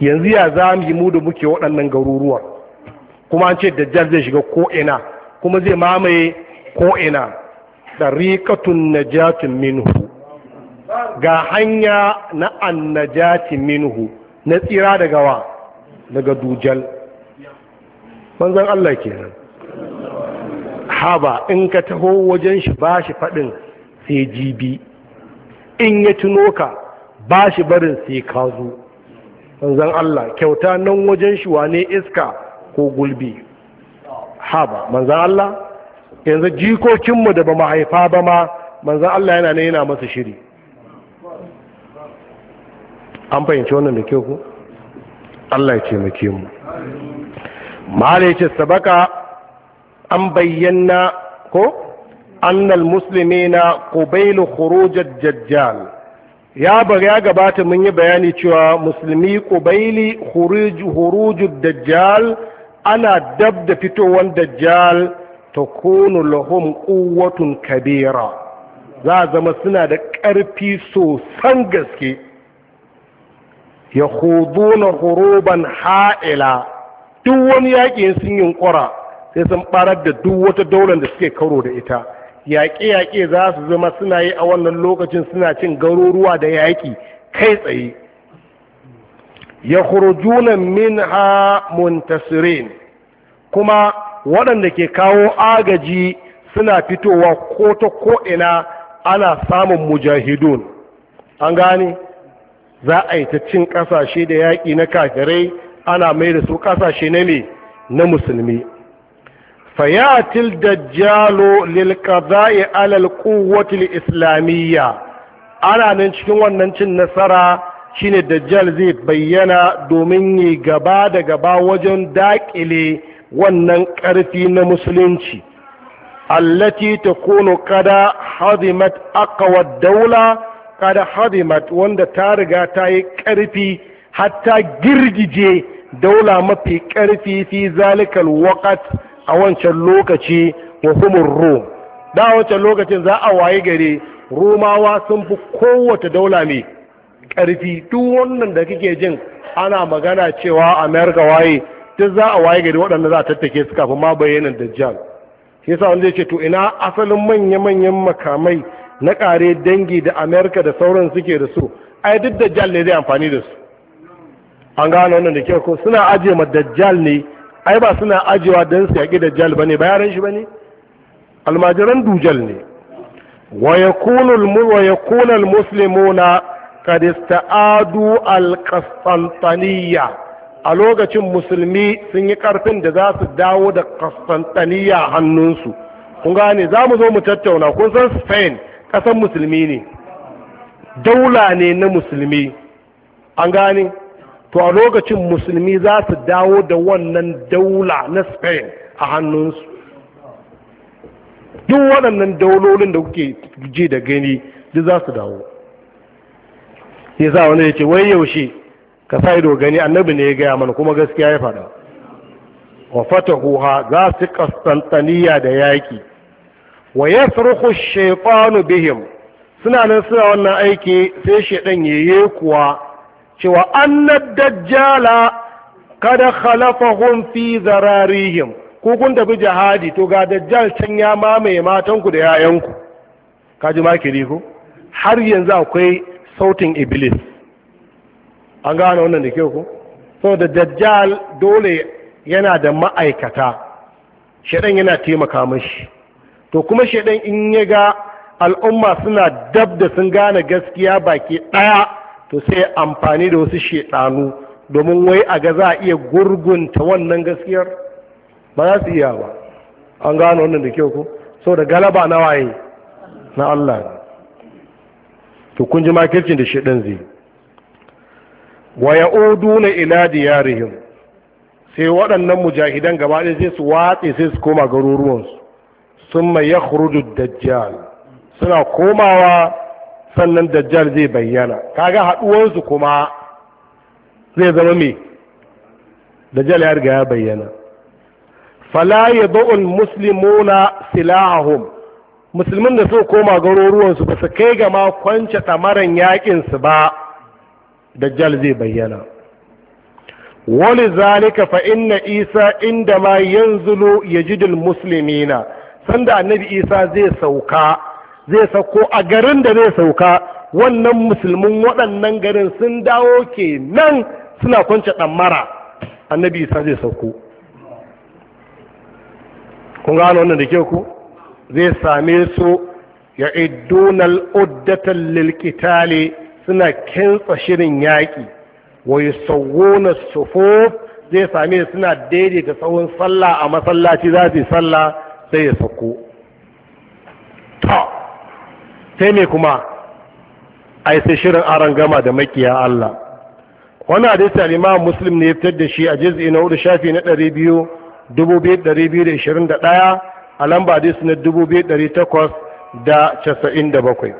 yanzu ya za mu yi mu da muke waɗannan garuruwa kuma an ce dajjal zai shiga ko'ina kuma zai mamaye ko'ina ɗariƙatun najatin minhu ga hanya na annajati minhu na tsira daga wa daga dujal manzan Allah ke nan. haba in ka taho wajen shi ba shi faɗin sai jibi in ya tuno ka ba shi barin sai ka zo manzan Allah kyauta nan wajen shi wane iska ko gulbi haba manzan Allah yanzu jikokinmu da ba mu haifa ba ma manzan Allah yana ne yana masa shiri an fahimci wannan da kyau ku Allah ya ce taimake mu mala sabaka an bayyana ko annal muslimi na kubailu ad-dajjal ya bari ya gabata mun yi bayani cewa musulmi Kubaili hurujud dajjal ana dab da fitowar dajjal ta kunu lahum kuwatun kabira za a zama suna da ƙarfi sosan gaske ya hudu na horoban ha'ila duk wani yaƙi sun ƙwara sai sun ɓarar da duk wata daular da suke karo da ita yaƙe-yaƙe za su zama suna yi a wannan lokacin suna cin garuruwa da yaƙi kai tsaye yakhrujuna minha muntasirin kuma waɗanda ke kawo agaji suna fitowa ko ta ko'ina ana samun mujahidun an gane za a yi ta cin ƙasashe da yaƙi na kafirai ana mai da su ƙasashe na me na musulmi fayatil dajjalo lil qada'i alal islamiyya ana nan cikin wannan cin nasara shine dajjal zai bayyana domin yi gaba da gaba wajen daƙile wannan ƙarfi na musulunci allati ta kono kada hadimat akawa daula kada hadimat wanda ta riga ta yi ƙarfi hatta girgije daula mafi ƙarfi fi zalikal waƙat a wancan lokaci wa humur rum da wancan lokacin za a waye gare romawa sun fi kowace daula ne. ƙarfi duk wannan da kake jin ana magana cewa america waye duk za a waye gari waɗanda za a tattake su kafin ma bayyanin dajjal shi yasa wanda ya ce to ina asalin manya-manyan makamai na ƙare dangi da amerika da sauran suke da su ai duk dajjal ne zai amfani da su an gano wannan da kyau ko suna ajiye ma dajjal ne ai ba suna ajiyewa don su yaƙi dajjal ba ne ba yaran shi ba ne almajiran dujal ne wa yakunul muslimuna kad ista'adu al Kastantaniya a lokacin musulmi sun yi karfin da za su dawo da qastantaniya hannunsu kun gane za mu zo mu tattauna kun san spain kasan musulmi ne daula ne na musulmi an gane to a lokacin musulmi za su dawo da wannan daula na spain a hannunsu duk waɗannan daulolin da kuke ji da gani duk za su dawo sai sa wani ya ce wai yaushe ka sa ido gani annabi ne ya gaya mana kuma gaskiya ya faɗa wa huha za su kastantaniya da yaƙi wa yasruhu shaytanu bihim suna nan suna wannan aiki sai ya yi kuwa cewa annad dajjala kada khalafahum fi zararihim ko kun tafi jihadi to ga dajjal can ya mamaye matanku da yayanku kaji makiri ko har yanzu akwai sautin iblis an gane wannan da kyau ku saboda dajjal dole yana da ma'aikata shaɗan yana taimaka mashi to kuma shaɗan in ya ga al'umma suna dab da sun gane gaskiya baki ɗaya to sai amfani da wasu shaɗanu domin wai a ga za a iya gurgunta wannan gaskiyar ba za su iya ba an gane wannan da kyau ku saboda galaba na waye na Allah ne to kun ji makircin da shedan zai wa ya'uduna ila diyarihim sai waɗannan mujahidan gaba ɗaya sai su watse sai su koma garuruwansu sun mai ya dajjal suna komawa sannan dajjal zai bayyana kaga haɗuwansu kuma zai zama mai dajjal ya riga ya bayyana fala ya ba'un muslimuna silahum musulmin da suka koma garuruwansu ba su kai ga ma kwance yakin yaƙinsu ba dajjal zai bayyana wani zalika fa inna isa inda ma yanzulu ya jidil musulmina sanda annabi isa zai sauka zai sauko a garin da zai sauka wannan musulmin waɗannan garin sun dawo ke nan suna kwance ɗammara annabi isa zai sauko kun gano wannan da ke ku zai same su ya idunal uddatan lilkitali suna kinsa shirin yaƙi wai yusawwuna sufuf zai same su suna daidaita tsawon sallah a masallaci za su yi sallah sai ya sako ta sai me kuma ai sai shirin aron gama da makiya Allah wani hadisi al-Imam Muslim ne ya fitar da shi a juz'i na 4 shafi na 200 221 a lamba hadis na 2897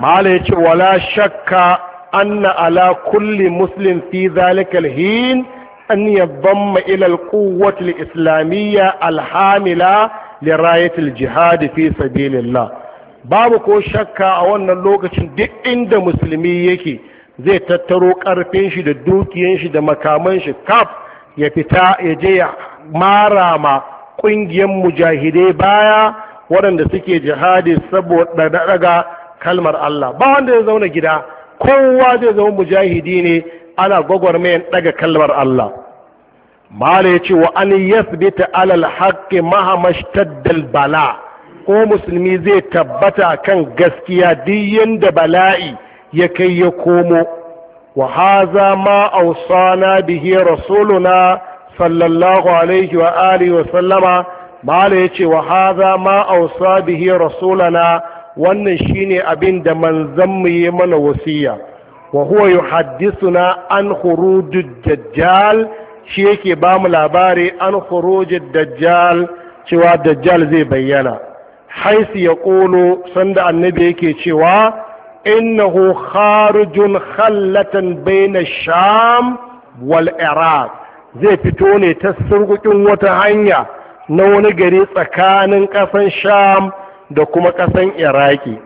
mala yace wala shakka anna ala kulli muslim fi zalika alhin an yadhamma ila alquwwati alislamiyya alhamila lirayat aljihad fi sabilillah babu ko shakka a wannan lokacin duk inda musulmi yake zai tattaro karfin shi da dukiyan shi da makaman shi kaf ya fita ya je ya marama ƙungiyar mujahidai baya waɗanda suke jihadi saboda daga kalmar Allah ba wanda ya zauna gida kowa zai zama mujahidi ne ana gwagwarmayan daga kalmar Allah mala ya ce wa an yasbita alal haqqi mahamashtaddal bala ko musulmi zai tabbata kan gaskiya duk yanda bala'i ya kai ya komo wa haza ma ausana bihi rasuluna صلى الله عليه وآله وسلم ما عليك وهذا ما أوصى به رسولنا ونشيني شيني أبن دمن زمي من وسيا وهو يحدثنا عن خروج الدجال شيكي بام لاباري عن خروج الدجال شوى الدجال زي بينا حيث يقول صند النبي كي شوى إنه خارج خلة بين الشام والعراق zai fito ne ta surgukin wata hanya na wani gari tsakanin ƙasan sham da kuma ƙasan iraki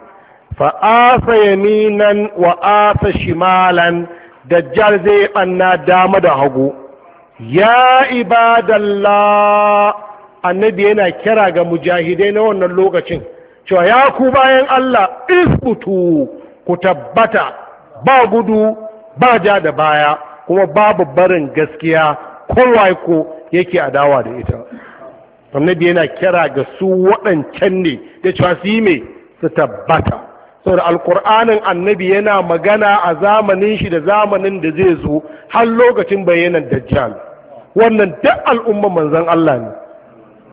fa'asa yaminan wa'asa shimalan da dajjal zai ɓanna dama da hagu ya ibadallah annabi yana kira ga mujahidai na wannan lokacin cewa ya ku bayan Allah isbutu ku tabbata ba gudu ba ja da baya kuma babu barin gaskiya kowa ko yake adawa da ita annabi yana kira ga su waɗancan ne da cewa su mai su tabbata saboda alkur'anin annabi yana magana a zamanin shi da zamanin da zai zo har lokacin bayanan dajjal wannan duk al'umma manzon Allah ne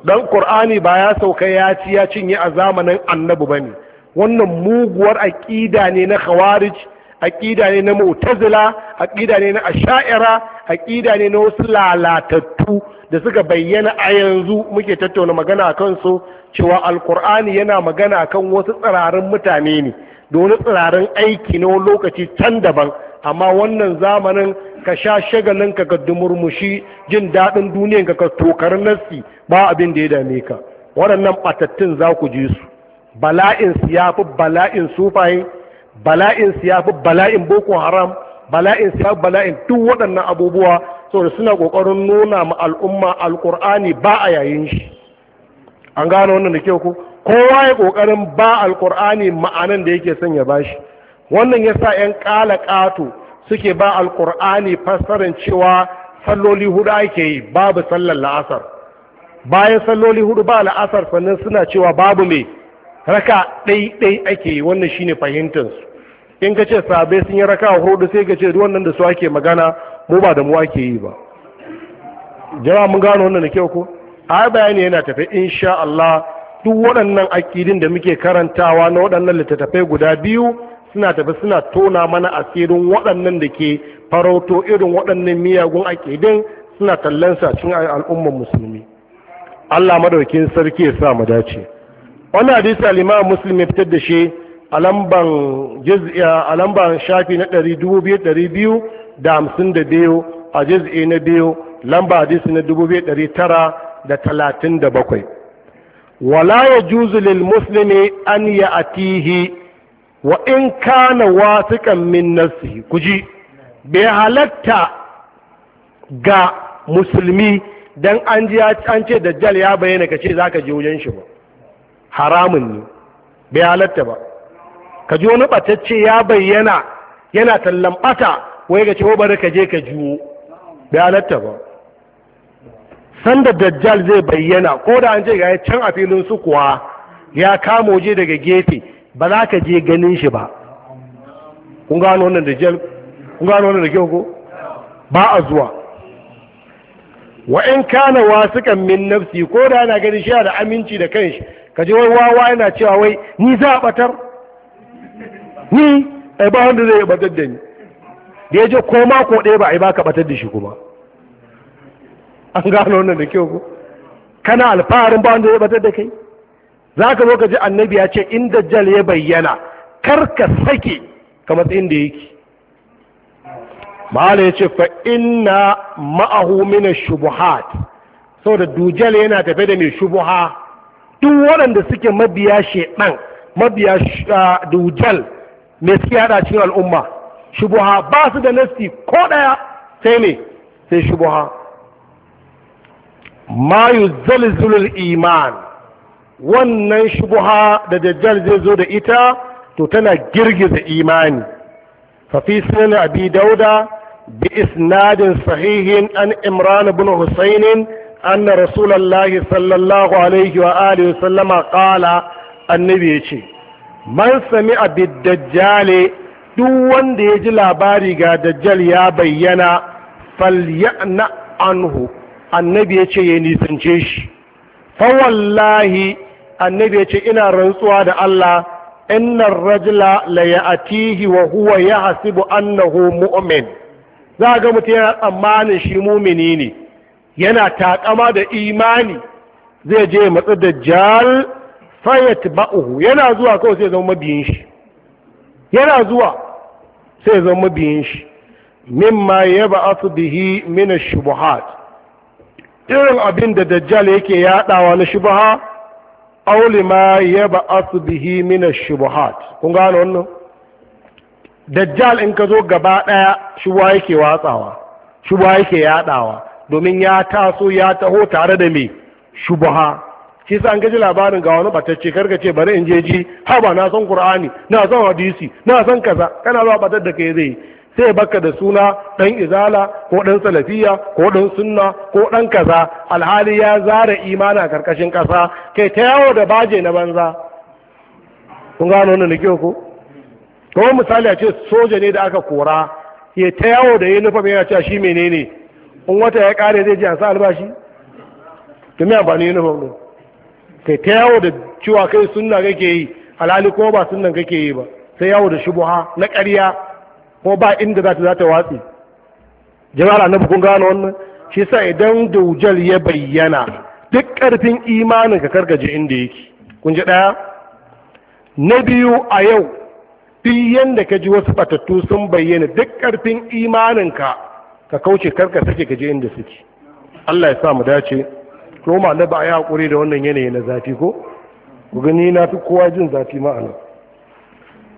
dan qur'ani ba ya sauka ya ci ya cinye a zamanin annabi bane wannan muguwar aƙida ne na khawarij aƙida ne na mu'tazila aƙida ne na asha'ira aƙida ne na wasu lalatattu da suka bayyana a yanzu muke tattauna magana a kansu cewa alkur'ani yana magana kan wasu tsirarin mutane ne da wani tsirarin aiki na wani lokaci can daban amma wannan zamanin ka sha shagalin ka murmushi jin daɗin duniyan ka ka tokarin nassi ba abin da ya dame ka waɗannan ɓatattun za ku ji su bala'in su ya fi bala'in sufaye bala'in siyafi bala'in boko haram bala'in siyafi bala'in duk waɗannan abubuwa da suna ƙoƙarin nuna ma al'umma alƙur'ani ba a yayin shi an gano wannan da kyau ku kowa ya ƙoƙarin ba alƙur'ani ma'anan da yake son ya shi wannan ya sa 'yan ƙala ƙato suke ba alƙur'ani fassarar cewa salloli hudu ake yi babu sallar la'asar bayan salloli hudu ba la'asar sannan suna cewa babu mai raka ɗai-ɗai ake yi wannan shine fahimtarsu in ka ce sabe sun yi raka hudu sai ka ce wannan da su ake magana mu ba da mu ake yi ba jama mun gano wannan da kyau ko a bayani yana tafe insha Allah duk waɗannan akidin da muke karantawa na waɗannan littattafai guda biyu suna tafi suna tona mana asirin waɗannan da ke farauto irin waɗannan miyagun akidin suna kallon sa cikin al'ummar musulmi Allah madaukin sarki ya sa mu dace wannan hadisi al-Imam Muslim ya fitar da shi a lamban jiz'a a lamban shafi na biyu a jiz'i na biyu lamba hadisi na dubu biyu da da ɗari tara talatin bakwai. wala juzu lil muslimi an ya'tihi wa in kana wasiqan min nafsihi kuji bai halatta ga musulmi dan an ji an ce dajjal ya bayyana kace zaka je wajen shi ba haramun ne bai halatta ba ka ji wani ɓatacce ya bayyana yana tallan ɓata wai ga cewa bari ka je ka juwo bai halatta ba sanda dajjal zai bayyana ko da an ce ga can a filin su kuwa ya kama waje daga gefe ba za ka je ganin shi ba kun gano wannan dajjal kun gano wannan da kyau ko ba a zuwa wa in kana wasiqan min nafsi ko da yana ganin shi da aminci da kanshi kaje wai wawa yana cewa wai ni za a batar ni ai ba wanda zai batar da ni da ya je ko mako ɗaya ba a yi ka batar da shi kuma an gano wannan da kyau ko kana alfaharin ba wanda zai batar da kai za ka zo ka ji annabi ya ce in dajjal ya bayyana kar ka sake ka matsayin da yake ma'ala ya ce fa inna ma'ahu mina shubuhat saboda dujjal yana tafe da mai shubuha duk waɗanda suke mabiya shedan mabiya ah, dujjal me suke hada cikin al'umma shubuha ba su da nasti ko daya sai ne sai shubuha ma yuzalzulul iman wannan shubuha da dajjal zai zo da ita to tana girgiza imani Fafi sunan abi dauda bi isnadin sahihin an imran ibn husayn anna rasulullahi sallallahu alaihi wa alihi wa sallama qala annabi yace man sami abin dajjale duk wanda ya ji labari ga dajjal ya bayyana falyana anhu annabi ya ce ya nisance shi fawallahi annabi ya ce ina rantsuwa da Allah innar rajula la ya'tihi wa huwa yahsibu annahu mu'min za ga mutum yana tsammanin shi mumini ne yana taƙama da imani zai je matsa dajjal fayat ba'uhu yana zuwa kawai sai zama mabiyin shi yana zuwa sai zama mabiyin shi mimma ya ba'asu bihi min shubuhat irin abin da dajjal yake yadawa na shubaha aw ma ya ba'asu bihi min shubuhat kun gane wannan dajjal in ka zo gaba daya shubuha yake watsawa shubuha yake yadawa domin ya taso ya taho tare da me shubuha shi sa an gaji labarin ga wani batacce karka ce bari in je ji ha ba na san qur'ani na san hadisi na san kaza kana zuwa batar da kai zai sai baka da suna dan izala ko dan salafiya ko dan sunna ko dan kaza alhali ya zara imana karkashin kasa kai ta yawo da baje na banza kun gano wannan da ko ko misali a ce soja ne da aka kora ya ta yawo da uniform yana cewa shi menene in wata ya kare zai ji an sa albashi to me amfani uniform din kai ta yawo da cewa kai sunna kake yi alhali kuma ba sunnan kake yi ba sai yawo da shubuha na karya ko ba inda za ta za ta watsi jama'ar na bukun gano wannan shi sa idan dujal ya bayyana duk ƙarfin imanin ka karkaje inda yake kun ji ɗaya na biyu a yau duk yanda ka ji wasu batattu sun bayyana duk ƙarfin imaninka ka kauce karka sake ka je inda suke Allah ya sa mu dace to ma na ba ya haƙuri da wannan yanayi na zafi ko ku gani na fi kowa jin zafi ma'ana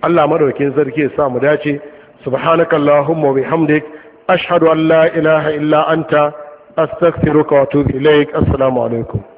Allah madaukin sarki ya sa mu dace subhanaka allahumma wa bihamdik ashhadu an la ilaha illa anta astaghfiruka wa atubu ilaik assalamu alaikum